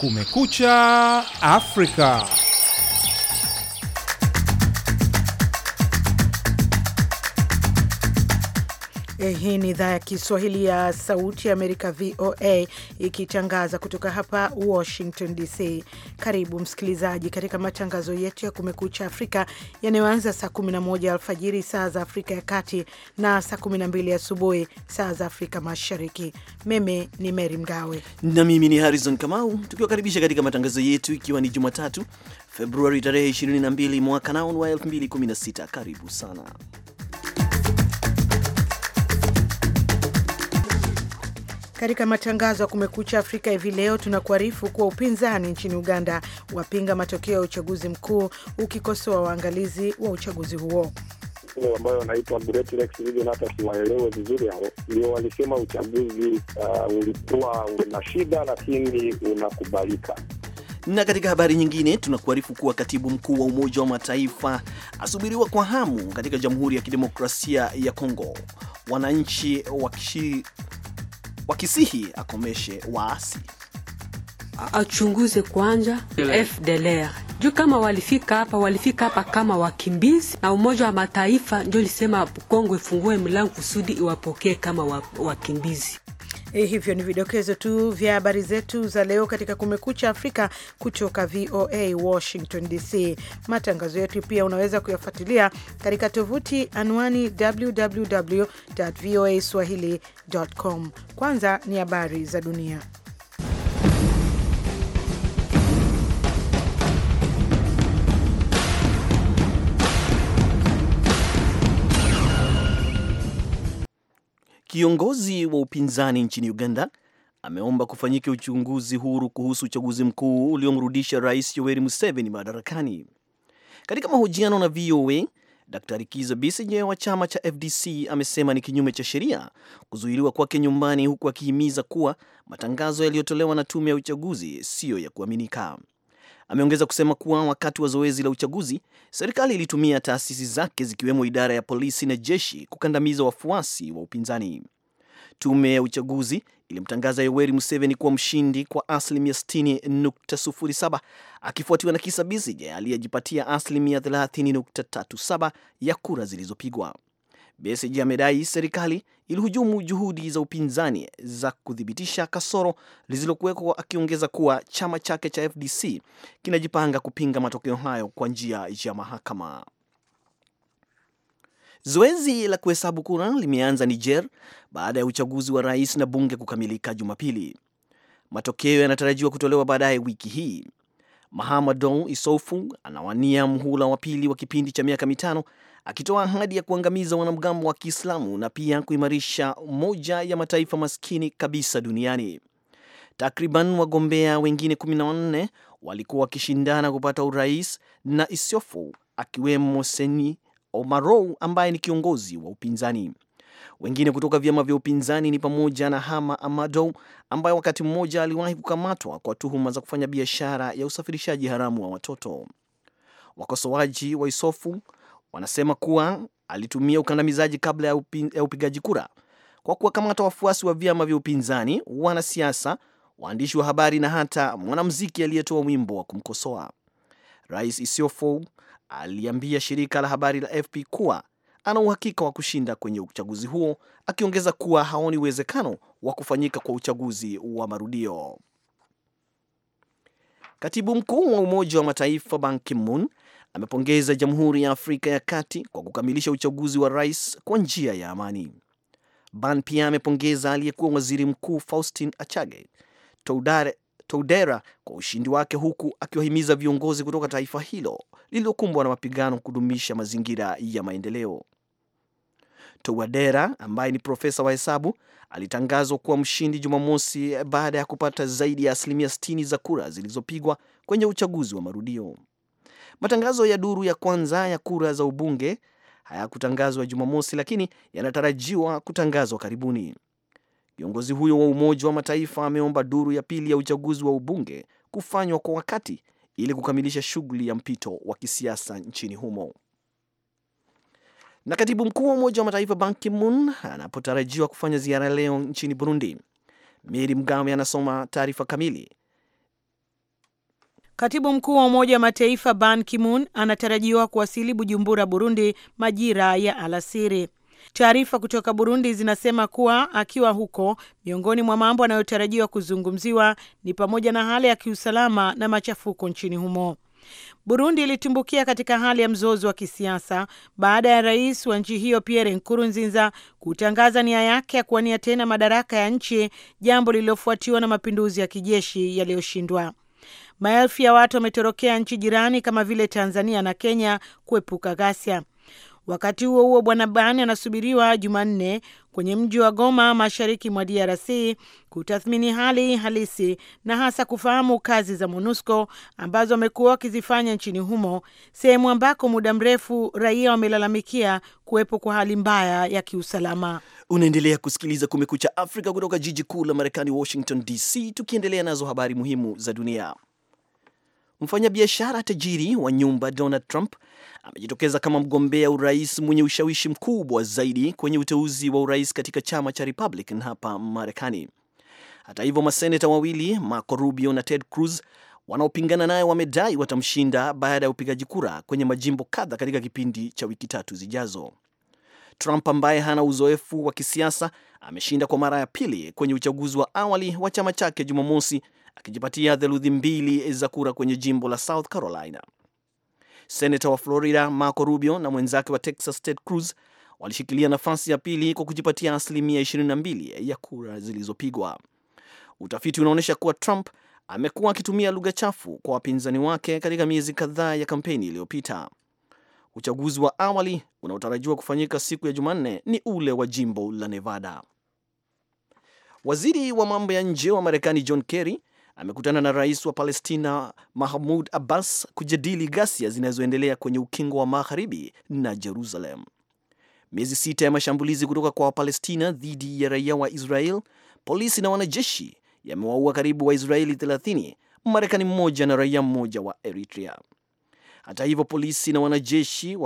Kumekucha Afrika. Hii ni idhaa ya Kiswahili ya Sauti ya Amerika, VOA, ikitangaza kutoka hapa Washington DC. Karibu msikilizaji katika matangazo yetu ya Kumekucha Afrika yanayoanza saa 11 alfajiri saa za Afrika ya Kati na saa 12 asubuhi saa za Afrika Mashariki. Mimi ni Mary Mgawe na mimi ni Harrison Kamau, tukiwakaribisha katika matangazo yetu, ikiwa ni Jumatatu Februari tarehe 22 mwaka nao wa 2016. Karibu sana Katika matangazo ya Kumekucha Afrika hivi leo, tunakuarifu kuwa upinzani nchini Uganda wapinga matokeo ya uchaguzi mkuu, ukikosoa waangalizi wa uchaguzi huo ambayo wanaitwa hata siwaelewe vizuri hao, ndio walisema uchaguzi uh, ulikuwa una shida lakini unakubalika. Na katika habari nyingine tunakuarifu kuwa katibu mkuu wa Umoja wa Mataifa asubiriwa kwa hamu katika Jamhuri ya Kidemokrasia ya Kongo, wananchi wakisihi akomeshe waasi, achunguze kwanza FDLR juu kama walifika hapa, walifika hapa kama wakimbizi, na Umoja wa Mataifa ndio lisema Kongo ifungue mlango kusudi iwapokee kama wakimbizi. Eh, hivyo ni vidokezo tu vya habari zetu za leo katika Kumekucha Afrika kutoka VOA Washington DC. Matangazo yetu pia unaweza kuyafuatilia katika tovuti anwani www voa swahili.com. Kwanza ni habari za dunia. Kiongozi wa upinzani nchini Uganda ameomba kufanyika uchunguzi huru kuhusu uchaguzi mkuu uliomrudisha Rais Yoweri Museveni madarakani. Katika mahojiano na VOA, Daktari Kiza Besigye wa chama cha FDC amesema ni kinyume cha sheria kuzuiliwa kwake nyumbani, huku akihimiza kuwa matangazo yaliyotolewa na tume ya uchaguzi siyo ya kuaminika. Ameongeza kusema kuwa wakati wa zoezi la uchaguzi, serikali ilitumia taasisi zake zikiwemo idara ya polisi na jeshi kukandamiza wafuasi wa upinzani. Tume ya uchaguzi ilimtangaza Yoweri Museveni kuwa mshindi kwa asilimia 60.07 akifuatiwa na Kizza Besigye aliyejipatia asilimia 30.37 ya kura zilizopigwa. Besigye amedai serikali ilihujumu juhudi za upinzani za kuthibitisha kasoro lisilokuwekwa, akiongeza kuwa chama chake cha FDC kinajipanga kupinga matokeo hayo kwa njia ya mahakama. Zoezi la kuhesabu kura limeanza Niger baada ya uchaguzi wa rais na bunge kukamilika Jumapili. Matokeo yanatarajiwa kutolewa baadaye wiki hii. Mahamadou Issoufou anawania mhula wa pili wa kipindi cha miaka mitano akitoa ahadi ya kuangamiza wanamgambo wa Kiislamu na pia kuimarisha moja ya mataifa maskini kabisa duniani. Takriban wagombea wengine 14 walikuwa wakishindana kupata urais na Isiofu akiwemo Seni Omarou ambaye ni kiongozi wa upinzani. Wengine kutoka vyama vya upinzani ni pamoja na Hama Amadou ambaye wakati mmoja aliwahi kukamatwa kwa tuhuma za kufanya biashara ya usafirishaji haramu wa watoto. Wakosoaji wa Isofu wanasema kuwa alitumia ukandamizaji kabla ya, upi, ya upigaji kura kwa kuwakamata wafuasi wa vyama vya upinzani, wanasiasa, waandishi wa habari na hata mwanamuziki aliyetoa wimbo wa kumkosoa Rais Isiofo. Aliambia shirika la habari la FP kuwa ana uhakika wa kushinda kwenye uchaguzi huo, akiongeza kuwa haoni uwezekano wa kufanyika kwa uchaguzi wa marudio. Katibu mkuu wa Umoja wa Mataifa Ban Ki-moon amepongeza Jamhuri ya Afrika ya Kati kwa kukamilisha uchaguzi wa rais kwa njia ya amani. Ban pia amepongeza aliyekuwa waziri mkuu Faustin Achage Toudera kwa ushindi wake huku akiwahimiza viongozi kutoka taifa hilo lililokumbwa na mapigano kudumisha mazingira ya maendeleo. Touadera ambaye ni profesa wa hesabu alitangazwa kuwa mshindi Jumamosi baada ya kupata zaidi ya asilimia 60 za kura zilizopigwa kwenye uchaguzi wa marudio. Matangazo ya duru ya kwanza ya kura za ubunge hayakutangazwa Jumamosi, lakini yanatarajiwa kutangazwa karibuni. Kiongozi huyo wa Umoja wa Mataifa ameomba duru ya pili ya uchaguzi wa ubunge kufanywa kwa wakati ili kukamilisha shughuli ya mpito wa kisiasa nchini humo. Na katibu mkuu wa Umoja wa Mataifa Ban Ki-moon anapotarajiwa kufanya ziara leo nchini Burundi, Miri Mgawe anasoma taarifa kamili Katibu mkuu wa Umoja wa Mataifa Ban Ki-moon anatarajiwa kuwasili Bujumbura, Burundi, majira ya alasiri. Taarifa kutoka Burundi zinasema kuwa akiwa huko, miongoni mwa mambo anayotarajiwa kuzungumziwa ni pamoja na hali ya kiusalama na machafuko nchini humo. Burundi ilitumbukia katika hali ya mzozo wa kisiasa baada ya rais wa nchi hiyo Pierre Nkurunziza kutangaza nia yake ya kuwania tena madaraka ya nchi, jambo lililofuatiwa na mapinduzi ya kijeshi yaliyoshindwa. Maelfu ya watu wametorokea nchi jirani kama vile Tanzania na Kenya kuepuka ghasia. Wakati huo huo, Bwana Ban anasubiriwa Jumanne kwenye mji wa Goma, mashariki mwa DRC, kutathmini hali halisi na hasa kufahamu kazi za MONUSCO ambazo wamekuwa wakizifanya nchini humo, sehemu ambako muda mrefu raia wamelalamikia kuwepo kwa hali mbaya ya kiusalama. Unaendelea kusikiliza Kumekucha Afrika kutoka jiji kuu la Marekani, Washington DC, tukiendelea nazo habari muhimu za dunia. Mfanyabiashara tajiri wa nyumba Donald Trump amejitokeza kama mgombea urais mwenye ushawishi mkubwa zaidi kwenye uteuzi wa urais katika chama cha Republican hapa Marekani. Hata hivyo, maseneta wawili Marco Rubio na Ted Cruz wanaopingana naye wamedai watamshinda baada ya upigaji kura kwenye majimbo kadha katika kipindi cha wiki tatu zijazo. Trump ambaye hana uzoefu wa kisiasa ameshinda kwa mara ya pili kwenye uchaguzi wa awali wa chama chake Jumamosi akijipatia theluthi mbili za kura kwenye jimbo la South Carolina. Senata wa Florida Marco Rubio na mwenzake wa Texas Ted Cruz walishikilia nafasi ya pili kwa kujipatia asilimia 22 ya kura zilizopigwa. Utafiti unaonyesha kuwa Trump amekuwa akitumia lugha chafu kwa wapinzani wake katika miezi kadhaa ya kampeni iliyopita. Uchaguzi wa awali unaotarajiwa kufanyika siku ya Jumanne ni ule wa jimbo la Nevada. Waziri wa mambo ya nje wa Marekani John Kerry amekutana na rais wa Palestina Mahmud Abbas kujadili ghasia zinazoendelea kwenye ukingo wa magharibi na Jerusalem. Miezi sita ya mashambulizi kutoka kwa Wapalestina dhidi ya raia wa Israel, polisi na wanajeshi yamewaua karibu Waisraeli 30, Marekani mmoja na raia mmoja wa Eritrea. Hata hivyo, polisi na wanajeshi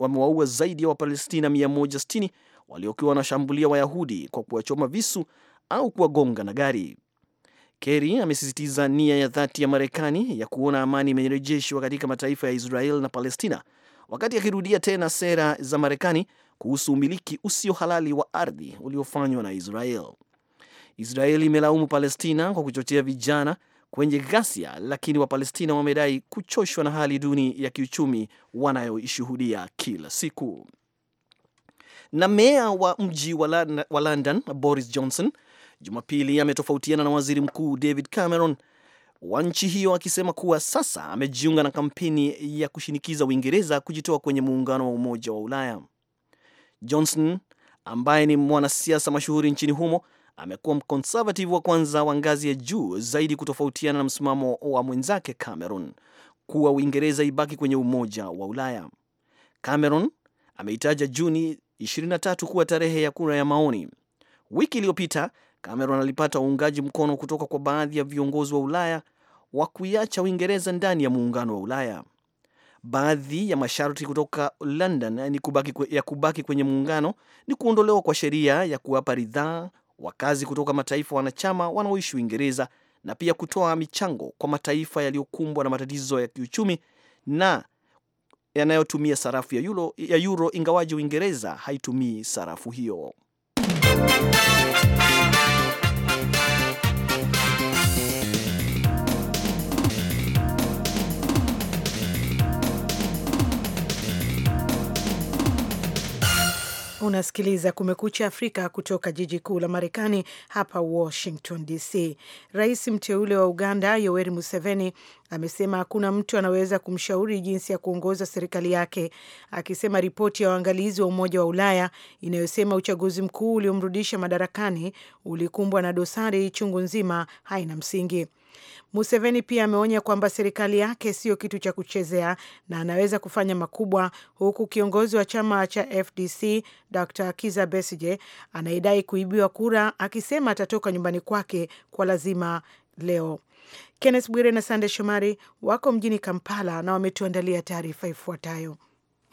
wamewaua zaidi ya Wapalestina 160 waliokuwa wanashambulia Wayahudi kwa kuwachoma visu au kuwagonga na gari. Kerry amesisitiza nia ya dhati ya Marekani ya kuona amani imerejeshwa katika mataifa ya Israel na Palestina, wakati akirudia tena sera za Marekani kuhusu umiliki usio halali wa ardhi uliofanywa na Israel. israel imelaumu Palestina kwa kuchochea vijana kwenye ghasia, lakini Wapalestina wamedai kuchoshwa na hali duni ya kiuchumi wanayoishuhudia kila siku. Na meya wa mji wa London Boris Johnson Jumapili ametofautiana na waziri mkuu David Cameron wa nchi hiyo akisema kuwa sasa amejiunga na kampeni ya kushinikiza Uingereza kujitoa kwenye muungano wa Umoja wa Ulaya. Johnson ambaye ni mwanasiasa mashuhuri nchini humo amekuwa mkonservative wa kwanza wa ngazi ya juu zaidi kutofautiana na msimamo wa mwenzake Cameron kuwa Uingereza ibaki kwenye Umoja wa Ulaya. Cameron ameitaja Juni 23 kuwa tarehe ya kura ya maoni. Wiki iliyopita Cameron alipata uungaji mkono kutoka kwa baadhi ya viongozi wa Ulaya wa kuiacha Uingereza ndani ya muungano wa Ulaya. Baadhi ya masharti kutoka London eh, kubaki, ya kubaki kwenye muungano ni kuondolewa kwa sheria ya kuwapa ridhaa wakazi kutoka mataifa wanachama wanaoishi Uingereza na pia kutoa michango kwa mataifa yaliyokumbwa na matatizo ya kiuchumi na yanayotumia sarafu ya euro, ya euro ingawaji Uingereza haitumii sarafu hiyo. Unasikiliza Kumekucha Afrika kutoka jiji kuu la Marekani, hapa Washington DC. Rais mteule wa Uganda Yoweri Museveni amesema hakuna mtu anaweza kumshauri jinsi ya kuongoza serikali yake, akisema ripoti ya waangalizi wa Umoja wa Ulaya inayosema uchaguzi mkuu uliomrudisha madarakani ulikumbwa na dosari chungu nzima haina msingi. Museveni pia ameonya kwamba serikali yake siyo kitu cha kuchezea na anaweza kufanya makubwa, huku kiongozi wa chama cha FDC Dr Kiza Besige anayedai kuibiwa kura akisema atatoka nyumbani kwake kwa lazima leo. Kenneth Bwire na Sande Shomari wako mjini Kampala na wametuandalia taarifa ifuatayo.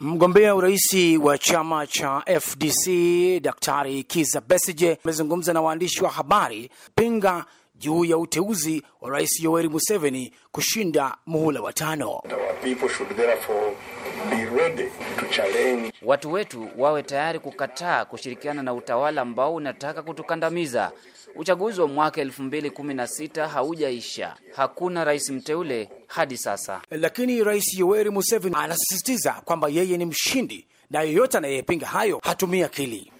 Mgombea uraisi wa chama cha FDC Daktari Kiza Besige amezungumza na waandishi wa habari pinga juu ya uteuzi wa Rais Yoweri Museveni kushinda muhula wa tano. Watu wetu wawe tayari kukataa kushirikiana na utawala ambao unataka kutukandamiza. Uchaguzi wa mwaka 2016 haujaisha, hakuna rais mteule hadi sasa. Lakini Rais Yoweri Museveni anasisitiza kwamba yeye ni mshindi na yeyote anayepinga hayo hatumia akili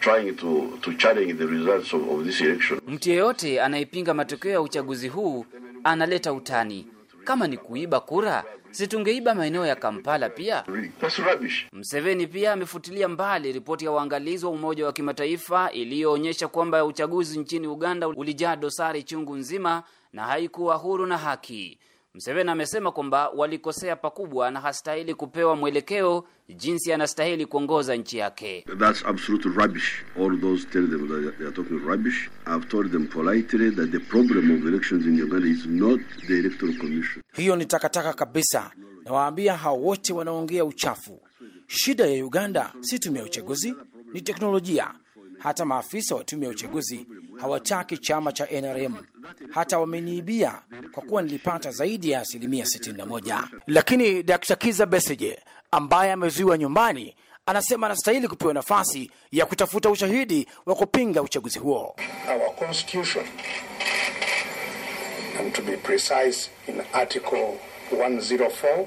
trying to, to challenge the results of, of this election. Mtu yeyote anayepinga matokeo ya uchaguzi huu analeta utani. Kama ni kuiba kura, situngeiba maeneo ya Kampala pia. That's rubbish. Mseveni pia amefutilia mbali ripoti ya waangalizi wa Umoja wa Kimataifa iliyoonyesha kwamba uchaguzi nchini Uganda ulijaa dosari chungu nzima na haikuwa huru na haki mseveni amesema kwamba walikosea pakubwa na hastahili kupewa mwelekeo jinsi anastahili kuongoza nchi yake. That's absolute rubbish. All those tell them that they are talking rubbish. I've told them politely that the problem of elections in Uganda is not the electoral commission. Hiyo ni takataka kabisa. Nawaambia hao wote wanaongea uchafu. Shida ya Uganda si tume ya uchaguzi, ni teknolojia hata maafisa wa tume ya uchaguzi hawataki chama cha NRM, hata wameniibia kwa kuwa nilipata zaidi ya asilimia 61. Lakini Dr. Kiza Besigye ambaye amezuiwa nyumbani anasema anastahili kupewa nafasi ya kutafuta ushahidi wa kupinga uchaguzi huo. Our constitution and to be precise in article 104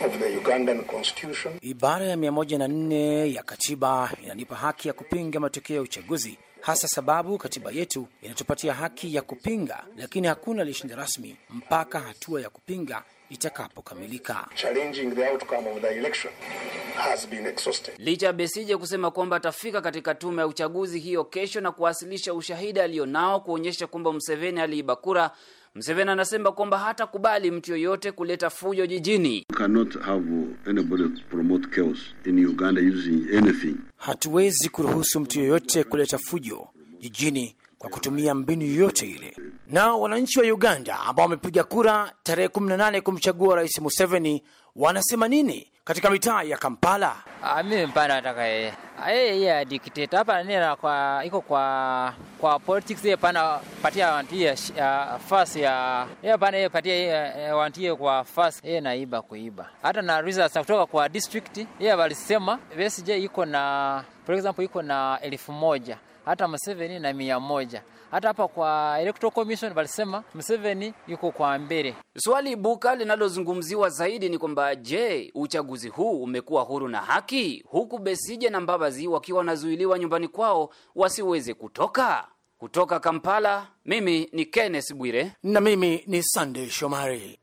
of the Ugandan Constitution. Ibara ya 104 ya katiba inanipa haki ya kupinga matokeo ya uchaguzi, hasa sababu katiba yetu inatupatia haki ya kupinga, lakini hakuna lishinda rasmi mpaka hatua ya kupinga itakapokamilika. Licha ya Besije kusema kwamba atafika katika tume ya uchaguzi hiyo kesho na kuwasilisha ushahidi aliyonao kuonyesha kwamba mseveni aliiba kura Mseveni anasema kwamba hatakubali mtu yoyote kuleta fujo jijini. Uh, Hatuwezi kuruhusu mtu yoyote kuleta fujo jijini kwa kutumia mbinu yoyote ile. Nao wananchi wa Uganda ambao wamepiga kura tarehe 18 kumchagua Rais Museveni wanasema nini? katika mitaa ya Kampala. Ah, mimi mpana nataka yeye ah, yeye adikteta hapa na kwa iko kwa kwa politics yeye pana patia wantie fasi ya yeye pana yeye patia eh, eh, wantie kwa fasi yeye naiba kuiba. Hata na results kutoka kwa district yeye walisema BSJ iko na for example iko na elfu moja hata Museveni na mia moja hata hapa kwa Electoral Commission walisema Museveni yuko kwa mbele. Swali buka linalozungumziwa zaidi ni kwamba je, uchaguzi huu umekuwa huru na haki, huku Besije na Mbabazi wakiwa wanazuiliwa nyumbani kwao wasiweze kutoka? Kutoka Kampala, mimi ni Kenneth Bwire na mimi ni Sunday Shomari.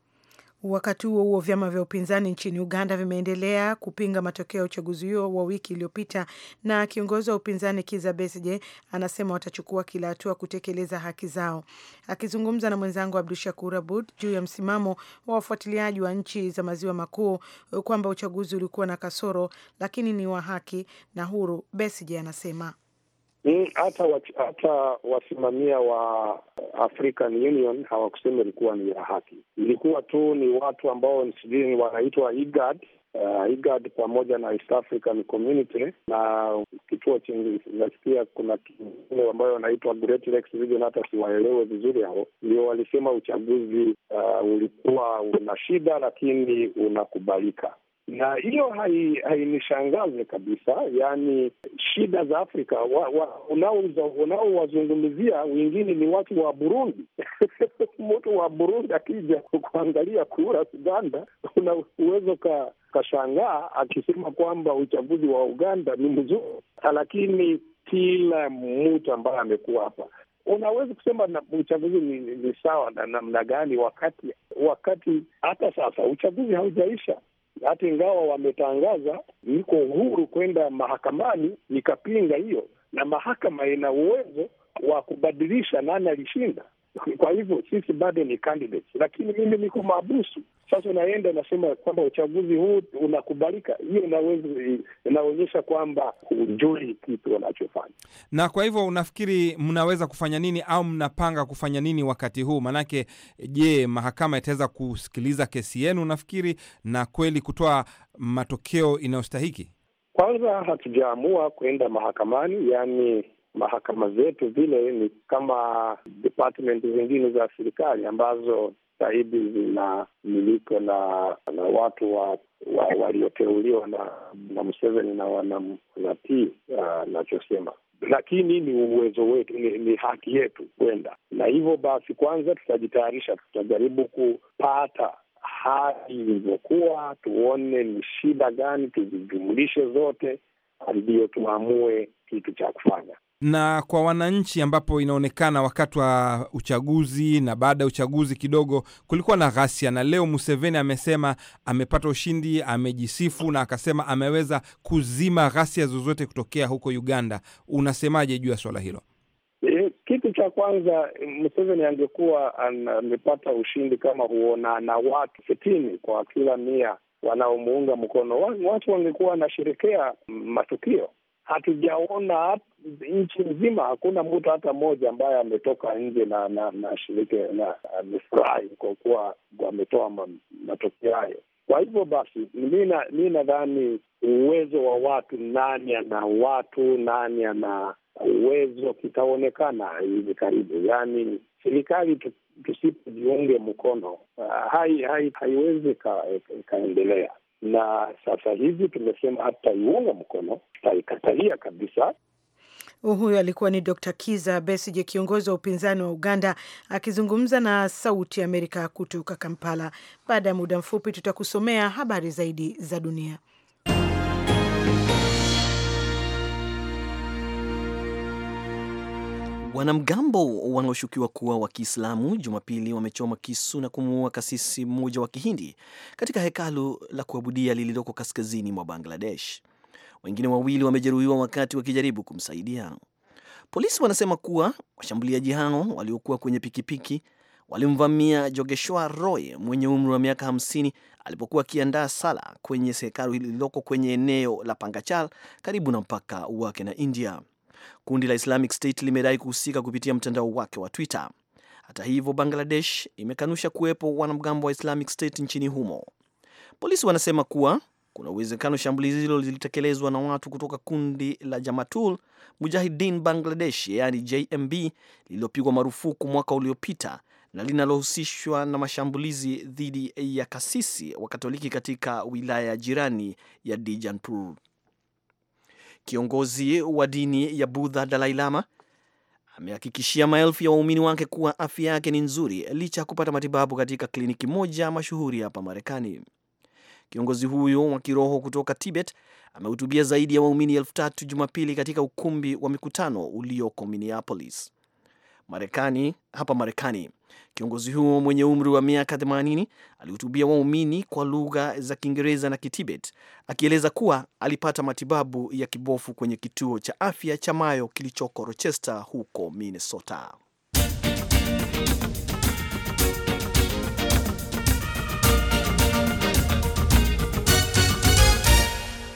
Wakati huo huo, vyama vya upinzani nchini Uganda vimeendelea kupinga matokeo ya uchaguzi huo wa wiki iliyopita, na kiongozi wa upinzani Kizza Besigye anasema watachukua kila hatua kutekeleza haki zao. Akizungumza na mwenzangu Abdu Shakur Abud juu ya msimamo wa wafuatiliaji wa nchi za maziwa makuu kwamba uchaguzi ulikuwa na kasoro, lakini ni wa haki na huru, Besigye anasema Mm, hata hata wasimamia wa African Union hawakusema ilikuwa ni ya haki, ilikuwa tu ni watu ambao sijui wanaitwa IGAD, uh, IGAD pamoja na East African Community na kituo chingi, nasikia kuna kingine ambayo wanaitwa Great Lakes Region, hata siwaelewe vizuri hao, ndio walisema uchaguzi uh, ulikuwa una shida, lakini unakubalika na hiyo hainishangaze hai kabisa. Yani shida za Afrika unaowazungumzia wa, wengine ni watu wa Burundi mtu wa Burundi akija kuangalia kura Uganda una uwezo ka kashangaa akisema kwamba uchaguzi wa Uganda ni mzuri, lakini kila mtu ambaye amekuwa hapa unaweza kusema na uchaguzi ni, ni sawa na namna gani, wakati wakati hata sasa uchaguzi haujaisha hata ingawa wametangaza niko uhuru kwenda mahakamani, nikapinga hiyo, na mahakama ina uwezo wa kubadilisha nani alishinda. Kwa hivyo sisi bado ni candidates, lakini mimi niko mabusu sasa. Unaenda nasema kwamba uchaguzi huu unakubalika, hiyo inaonyesha kwamba hujui kitu wanachofanya. Na kwa hivyo unafikiri mnaweza kufanya nini au mnapanga kufanya nini wakati huu? Maanake je, mahakama itaweza kusikiliza kesi yenu nafikiri na kweli kutoa matokeo inayostahiki? Kwanza hatujaamua kwenda mahakamani, yaani mahakama zetu vile ni kama department zingine za serikali ambazo sahidi zinamilikwa na na watu wa, wa walioteuliwa na na Museveni na wanatii ah, anachosema lakini ni uwezo wetu, ni, ni haki yetu kwenda na hivyo basi. Kwanza tutajitayarisha, tutajaribu kupata hali ilivyokuwa, tuone ni shida gani, tuzijumulishe zote, ndiyo tuamue kitu cha kufanya na kwa wananchi, ambapo inaonekana wakati wa uchaguzi na baada ya uchaguzi kidogo kulikuwa na ghasia, na leo Museveni amesema amepata ushindi, amejisifu na akasema ameweza kuzima ghasia zozote kutokea huko Uganda. Unasemaje juu ya swala hilo? E, kitu cha kwanza, Museveni angekuwa amepata ushindi kama huona na watu sitini kwa kila mia wanaomuunga mkono, watu wangekuwa wanasherekea matukio. Hatujaona nchi nzima hakuna mtu hata mmoja ambaye ametoka nje na na na shiriki na amefurahi kwa kuwa ametoa matokeo hayo. Kwa hivyo basi, mi nadhani uwezo wa watu, nani ana watu, nani ana uwezo, kitaonekana hivi karibu. Yaani serikali tusipojiunge mkono ah, hai, hai, haiwezi ikaendelea, na sasa hivi tumesema hatutaiunga mkono, tutaikatalia kabisa. Huyu alikuwa ni Dr Kiza Besije, kiongozi wa upinzani wa Uganda, akizungumza na Sauti ya Amerika kutoka Kampala. Baada ya muda mfupi, tutakusomea habari zaidi za dunia. Wanamgambo wanaoshukiwa kuwa wa Kiislamu Jumapili wamechoma kisu na kumuua kasisi mmoja wa Kihindi katika hekalu la kuabudia lililoko kaskazini mwa Bangladesh. Wengine wawili wamejeruhiwa wakati wakijaribu kumsaidia. Polisi wanasema kuwa washambuliaji hao waliokuwa kwenye pikipiki walimvamia Jogeshwa Roy mwenye umri wa miaka 50 alipokuwa akiandaa sala kwenye hekalu lililoko kwenye eneo la Pangachal karibu na mpaka wake na India. Kundi la Islamic State limedai kuhusika kupitia mtandao wake wa Twitter. Hata hivyo, Bangladesh imekanusha kuwepo wanamgambo wa Islamic State nchini humo. Polisi wanasema kuwa kuna uwezekano shambulizi hilo lilitekelezwa na watu kutoka kundi la Jamatul Mujahidin Bangladesh, yaani JMB, lililopigwa marufuku mwaka uliopita na linalohusishwa na mashambulizi dhidi ya kasisi wa Katoliki katika wilaya ya jirani ya Dijanpur. Kiongozi wa dini ya Budha Dalai Lama amehakikishia maelfu ya waumini wake kuwa afya yake ni nzuri licha ya kupata matibabu katika kliniki moja mashuhuri hapa Marekani. Kiongozi huyo wa kiroho kutoka Tibet amehutubia zaidi ya waumini elfu tatu Jumapili katika ukumbi wa mikutano ulioko Minneapolis Marekani. Hapa Marekani, kiongozi huo mwenye umri wa miaka 80 alihutubia waumini kwa lugha za Kiingereza na Kitibet, akieleza kuwa alipata matibabu ya kibofu kwenye kituo cha afya cha Mayo kilichoko Rochester huko Minnesota.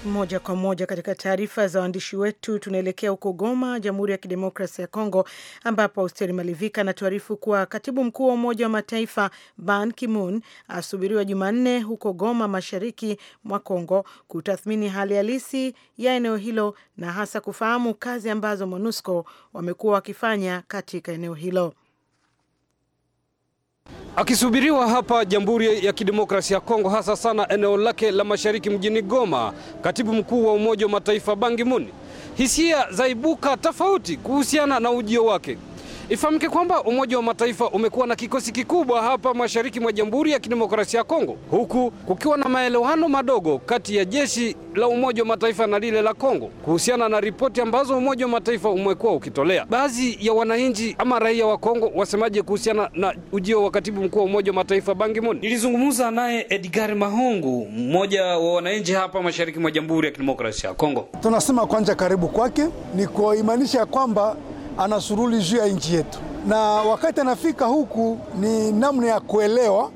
Moja kwa moja katika taarifa za waandishi wetu, tunaelekea huko Goma, Jamhuri ya Kidemokrasia ya Kongo, ambapo Austeri Malivika anatuarifu kuwa katibu mkuu wa Umoja wa Mataifa Ban Ki-moon asubiriwa Jumanne huko Goma, mashariki mwa Kongo, kutathmini hali halisi ya eneo hilo na hasa kufahamu kazi ambazo MONUSCO wamekuwa wakifanya katika eneo hilo. Akisubiriwa hapa Jamhuri ya Kidemokrasia ya Kongo, hasa sana eneo lake la mashariki mjini Goma, katibu mkuu wa Umoja wa Mataifa Ban Ki-moon, hisia zaibuka tofauti kuhusiana na ujio wake. Ifahamike kwamba Umoja wa Mataifa umekuwa na kikosi kikubwa hapa mashariki mwa Jamhuri ya Kidemokrasia ya Kongo, huku kukiwa na maelewano madogo kati ya jeshi la Umoja wa Mataifa na lile la Kongo kuhusiana na ripoti ambazo Umoja wa Mataifa umekuwa ukitolea. Baadhi ya wananchi ama raia wa Kongo wasemaje kuhusiana na ujio wa katibu mkuu wa Umoja wa Mataifa Ban moon Nilizungumza naye Edgar Mahungu, mmoja wa wananchi hapa mashariki mwa Jamhuri ya Kidemokrasia ya Kongo. Tunasema kwanza karibu kwake ni kuimaanisha kwamba anasuruli juu ya nchi yetu, na wakati anafika huku ni namna ya kuelewa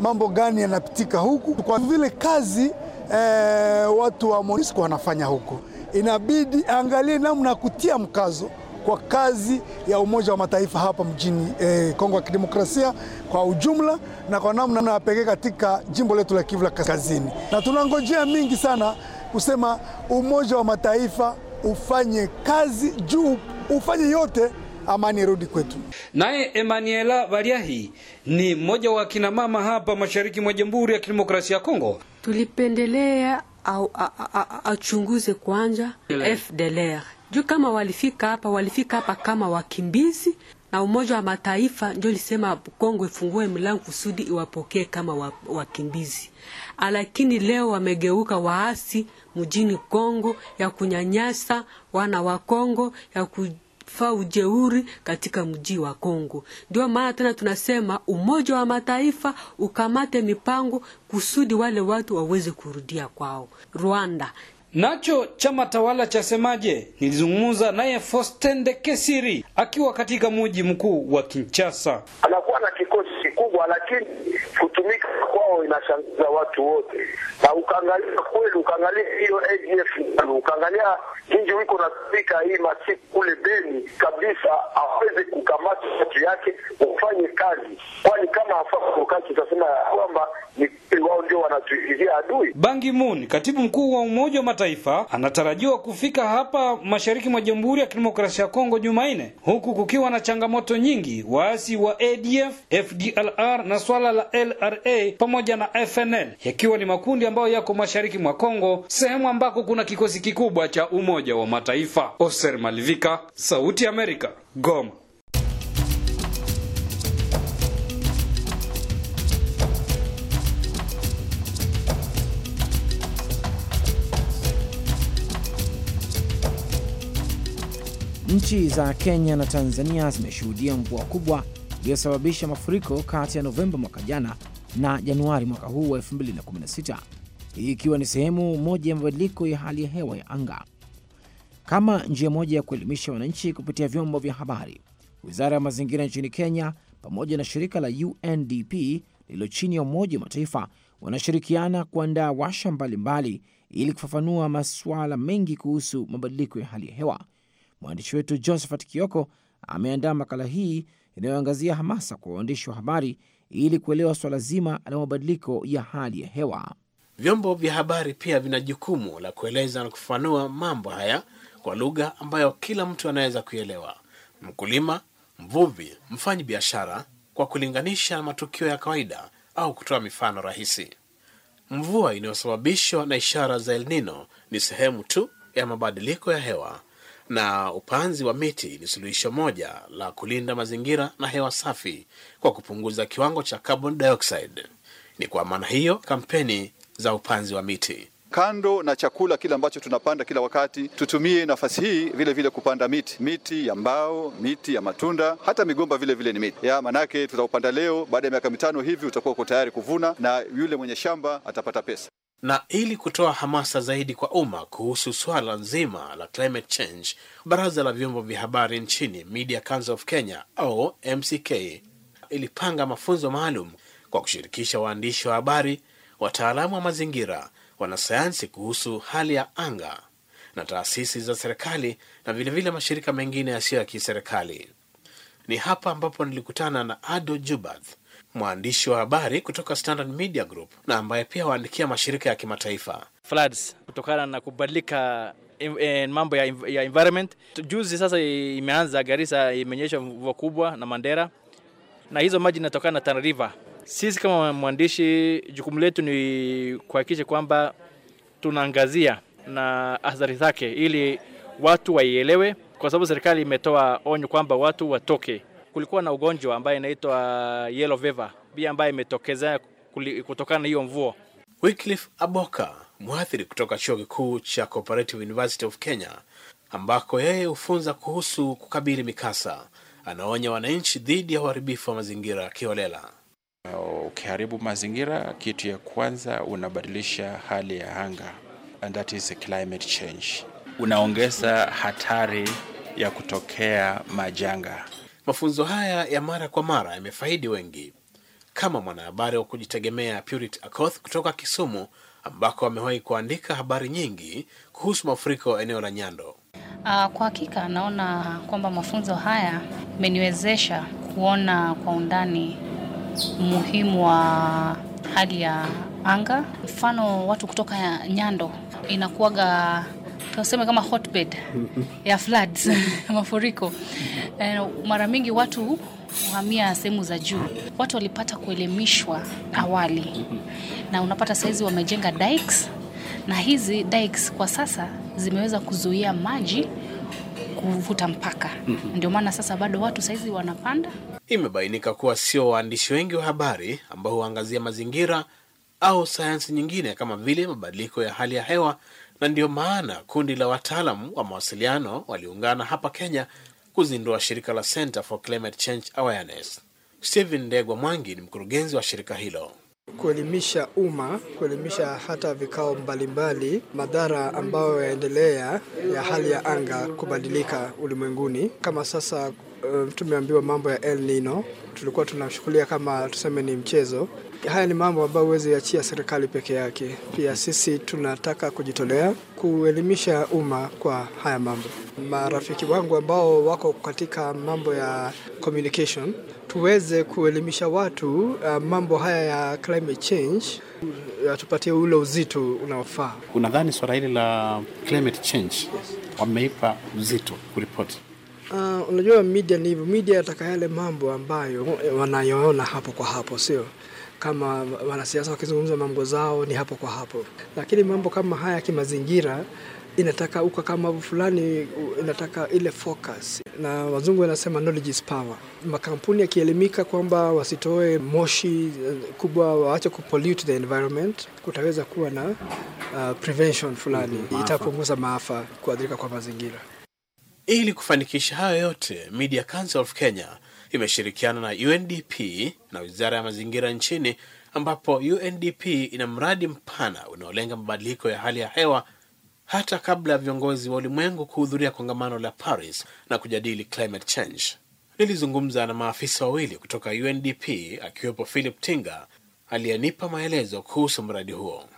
mambo gani yanapitika huku, kwa vile kazi eh, watu wa MONUSCO wanafanya huku, inabidi angalie namna ya kutia mkazo kwa kazi ya Umoja wa Mataifa hapa mjini eh, Kongo ya Kidemokrasia kwa ujumla na kwa namna ya pekee katika jimbo letu la Kivu la Kaskazini, na tunangojea mingi sana kusema Umoja wa Mataifa ufanye kazi juu ufanye yote amani irudi kwetu. Naye emanuela Valiahi ni mmoja wa kina mama hapa mashariki mwa Jamhuri ya Kidemokrasia ya Kongo. Tulipendelea au achunguze kwanza FDLR juu kama walifika hapa, walifika hapa kama wakimbizi na Umoja wa Mataifa ndio lisema Kongo ifungue mlango kusudi iwapokee kama wakimbizi wa, lakini leo wamegeuka waasi mjini Kongo ya kunyanyasa wana wa Kongo ya ku fa ujeuri katika mji wa Kongo. Ndio maana tena tunasema Umoja wa Mataifa ukamate mipango kusudi wale watu waweze kurudia kwao Rwanda. Nacho chama tawala chasemaje? Nilizungumza naye Fostende Kesiri akiwa katika mji mkuu wa Kinshasa. Anakuwa na kikosi kikubwa lakini kutumika kwao inashangaza watu wote, na ukaangalia kweli, ukaangalia hiyo ADF ukaangalia inji wiko natumika hii masiku kule Beni kabisa, aweze kukamata watu yake ufanye kazi, kwani kama afakazi tutasema kwamba ni kweli wao ndio wanatuingia adui. Bangi Moon, katibu mkuu wa Umoja wa Mataifa, anatarajiwa kufika hapa mashariki mwa Jamhuri ya Kidemokrasia ya Kongo Jumanne, huku kukiwa na changamoto nyingi, waasi wa ADF, FDLR na swala la L LRA pamoja na FNL yakiwa ni makundi ambayo yako mashariki mwa Kongo, sehemu ambako kuna kikosi kikubwa cha Umoja wa Mataifa. Oser Malivika, Sauti Amerika, Goma. Nchi za Kenya na Tanzania zimeshuhudia mvua kubwa iliyosababisha mafuriko kati ya Novemba mwaka jana na Januari mwaka huu wa 2016, hii ikiwa ni sehemu moja ya mabadiliko ya hali ya hewa ya anga. Kama njia moja ya kuelimisha wananchi kupitia vyombo vya habari, wizara ya mazingira nchini Kenya pamoja na shirika la UNDP lililo chini ya Umoja wa Mataifa wanashirikiana kuandaa washa mbalimbali ili kufafanua masuala mengi kuhusu mabadiliko ya hali ya hewa. Mwandishi wetu Josephat Kioko ameandaa makala hii inayoangazia hamasa kwa waandishi wa habari ili kuelewa swala zima la mabadiliko ya hali ya hewa. Vyombo vya habari pia vina jukumu la kueleza na kufafanua mambo haya kwa lugha ambayo kila mtu anaweza kuielewa: mkulima, mvuvi, mfanyi biashara, kwa kulinganisha na matukio ya kawaida au kutoa mifano rahisi. Mvua inayosababishwa na ishara za El Nino ni sehemu tu ya mabadiliko ya hewa na upanzi wa miti ni suluhisho moja la kulinda mazingira na hewa safi kwa kupunguza kiwango cha carbon dioxide. Ni kwa maana hiyo kampeni za upanzi wa miti kando na chakula kile ambacho tunapanda kila wakati, tutumie nafasi hii vile vile kupanda miti, miti ya mbao, miti ya matunda, hata migomba vile vile ni miti ya manake. Tutaupanda leo, baada ya miaka mitano hivi utakuwa uko tayari kuvuna, na yule mwenye shamba atapata pesa. Na ili kutoa hamasa zaidi kwa umma kuhusu swala nzima la climate change, baraza la vyombo vya habari nchini Media Council of Kenya au MCK ilipanga mafunzo maalum kwa kushirikisha waandishi wa habari, wataalamu wa mazingira, wanasayansi kuhusu hali ya anga na taasisi za serikali na vilevile vile mashirika mengine yasiyo ya kiserikali. Ni hapa ambapo nilikutana na Ado Jubath mwandishi wa habari kutoka Standard Media Group na ambaye pia waandikia mashirika ya kimataifa floods kutokana na kubadilika eh, eh, mambo ya, ya environment. Juzi sasa imeanza Garissa, imenyesha mvua kubwa na Mandera, na hizo maji inatokana na Tana River. Sisi kama mwandishi, jukumu letu ni kuhakikisha kwamba tunaangazia na athari zake, ili watu waielewe, kwa sababu serikali imetoa onyo kwamba watu watoke kulikuwa na ugonjwa ambaye inaitwa yellow fever pia ambaye imetokezea kutokana na hiyo mvua. Wycliffe Aboka, mhadhiri kutoka chuo kikuu cha Cooperative University of Kenya, ambako yeye hufunza kuhusu kukabili mikasa, anaonya wananchi dhidi ya uharibifu wa mazingira kiholela. Ukiharibu mazingira, kitu ya kwanza unabadilisha hali ya anga, and that is climate change. Unaongeza hatari ya kutokea majanga. Mafunzo haya ya mara kwa mara yamefaidi wengi, kama mwanahabari wa kujitegemea Purit Akoth kutoka Kisumu, ambako amewahi kuandika habari nyingi kuhusu mafuriko eneo la Nyando. Uh, kwa hakika naona kwamba mafunzo haya imeniwezesha kuona kwa undani umuhimu wa hali ya anga. Mfano, watu kutoka Nyando inakuwaga tunasema kama hotbed ya floods mafuriko. Eh, mara mingi watu kuhamia sehemu za juu. Watu walipata kuelimishwa awali, na unapata sahizi wamejenga dikes, na hizi dikes kwa sasa zimeweza kuzuia maji kuvuta mpaka. Mhm. Ndio maana sasa bado watu sahizi wanapanda. Imebainika kuwa sio waandishi wengi wa habari ambao huangazia mazingira au sayansi nyingine kama vile mabadiliko ya hali ya hewa, na ndiyo maana kundi la wataalam wa mawasiliano waliungana hapa Kenya kuzindua shirika la Center for Climate Change Awareness. Stephen Ndegwa Mwangi ni mkurugenzi wa shirika hilo kuelimisha umma, kuelimisha hata vikao mbalimbali, madhara ambayo yaendelea ya hali ya anga kubadilika ulimwenguni. Kama sasa uh, eh, tumeambiwa mambo ya El Nino, tulikuwa tunashughulia kama tuseme ni mchezo, haya ni mambo ambayo huwezi achia serikali peke yake. Pia sisi tunataka kujitolea kuelimisha umma kwa haya mambo. Marafiki wangu ambao wako katika mambo ya communication, tuweze kuelimisha watu uh, mambo haya ya climate change yatupatie ule uzito unaofaa. Unadhani swala hili la climate change yes, wameipa uzito kuripoti? Uh, unajua media ni hivyo, media yataka yale mambo ambayo wanayoona hapo kwa hapo, sio kama wanasiasa wakizungumza mambo zao ni hapo kwa hapo, lakini mambo kama haya ya kimazingira inataka uka kama fulani, inataka ile focus, na wazungu wanasema knowledge is power. Makampuni yakielimika kwamba wasitoe moshi eh, kubwa, waache kupollute the environment, kutaweza kuwa na uh, prevention fulani mm -hmm, itapunguza maafa kuadhirika kwa mazingira. Ili kufanikisha hayo yote, Media Council of Kenya imeshirikiana na UNDP na Wizara ya Mazingira nchini ambapo UNDP ina mradi mpana unaolenga mabadiliko ya hali ya hewa hata kabla ya viongozi wa ulimwengu kuhudhuria kongamano la Paris na kujadili climate change. Nilizungumza na maafisa wawili kutoka UNDP akiwepo Philip Tinga aliyenipa maelezo kuhusu mradi huo.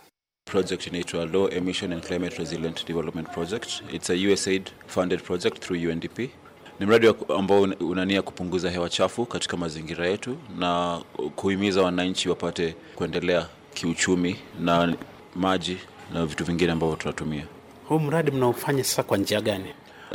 Project inaitwa Low Emission and Climate Resilient Development Project. It's a USAID funded project through UNDP. Ni mradi ambao unania kupunguza hewa chafu katika mazingira yetu na kuhimiza wananchi wapate kuendelea kiuchumi na maji na vitu vingine ambavyo tunatumia. Huu mradi mnaofanya sasa kwa njia gani?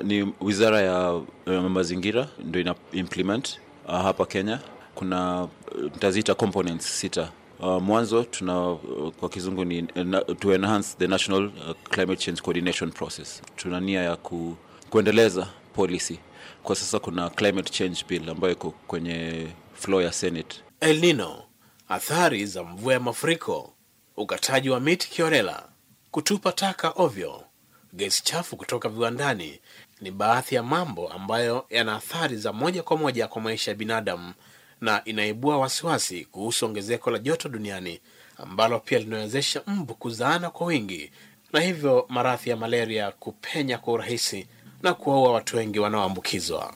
Ni wizara ya, ya mazingira ndio ina implement uh, hapa Kenya. Kuna nitaziita eh, components sita. Uh, mwanzo tuna uh, kwa kizungu ni uh, to enhance the national uh, climate change coordination process. Tuna nia ya ku, kuendeleza policy kwa sasa kuna climate change bill ambayo iko kwenye floor ya Senate. El Nino, athari za mvua ya mafuriko, ukataji wa miti kiorela, kutupa taka ovyo, gesi chafu kutoka viwandani ni baadhi ya mambo ambayo yana athari za moja kwa moja kwa maisha ya binadamu na inaibua wasiwasi kuhusu ongezeko la joto duniani ambalo pia linawezesha mbu kuzaana kwa wingi na hivyo maradhi ya malaria kupenya kwa urahisi na kuwaua watu wengi wanaoambukizwa.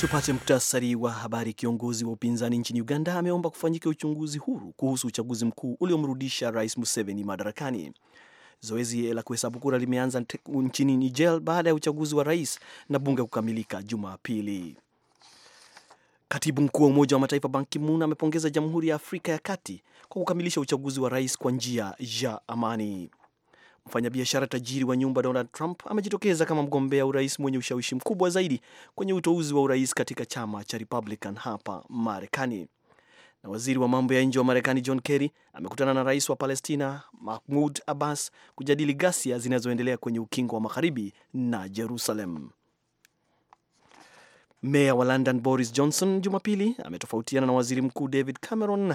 Tupate muktasari wa habari. Kiongozi wa upinzani nchini Uganda ameomba kufanyika uchunguzi huru kuhusu uchaguzi mkuu uliomrudisha Rais Museveni madarakani. Zoezi la kuhesabu kura limeanza nchini Niger baada ya uchaguzi wa rais na bunge kukamilika Jumapili. Katibu mkuu wa Umoja wa Mataifa Ban Ki-moon amepongeza Jamhuri ya Afrika ya Kati kwa kukamilisha uchaguzi wa rais kwa njia ya amani. Mfanyabiashara tajiri wa nyumba Donald Trump amejitokeza kama mgombea urais mwenye ushawishi mkubwa zaidi kwenye uteuzi wa urais katika chama cha Republican hapa Marekani. Na waziri wa mambo ya nje wa Marekani John Kerry amekutana na rais wa Palestina Mahmud Abbas kujadili ghasia zinazoendelea kwenye ukingo wa magharibi na Jerusalem. Meya wa London Boris Johnson Jumapili ametofautiana na waziri mkuu David Cameron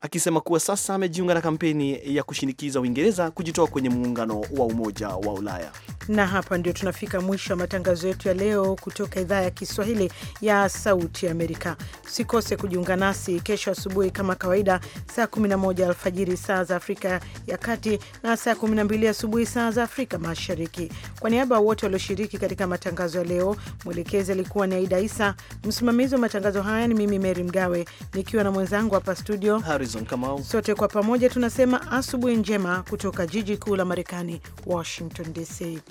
akisema kuwa sasa amejiunga na kampeni ya kushinikiza Uingereza kujitoa kwenye muungano wa Umoja wa Ulaya. Na hapa ndio tunafika mwisho wa matangazo yetu ya leo kutoka idhaa ya Kiswahili ya Sauti Amerika. Usikose kujiunga nasi kesho asubuhi kama kawaida, saa 11 alfajiri saa za Afrika ya Kati na saa 12 asubuhi saa za Afrika Mashariki. Kwa niaba ya wote walioshiriki katika matangazo ya leo, mwelekezi alikuwa ni Aida Isa, msimamizi wa matangazo haya. Ni mimi Mary Mgawe nikiwa na mwenzangu hapa studio Harrison Kamau. Sote kwa pamoja tunasema asubuhi njema kutoka jiji kuu la Marekani, Washington DC.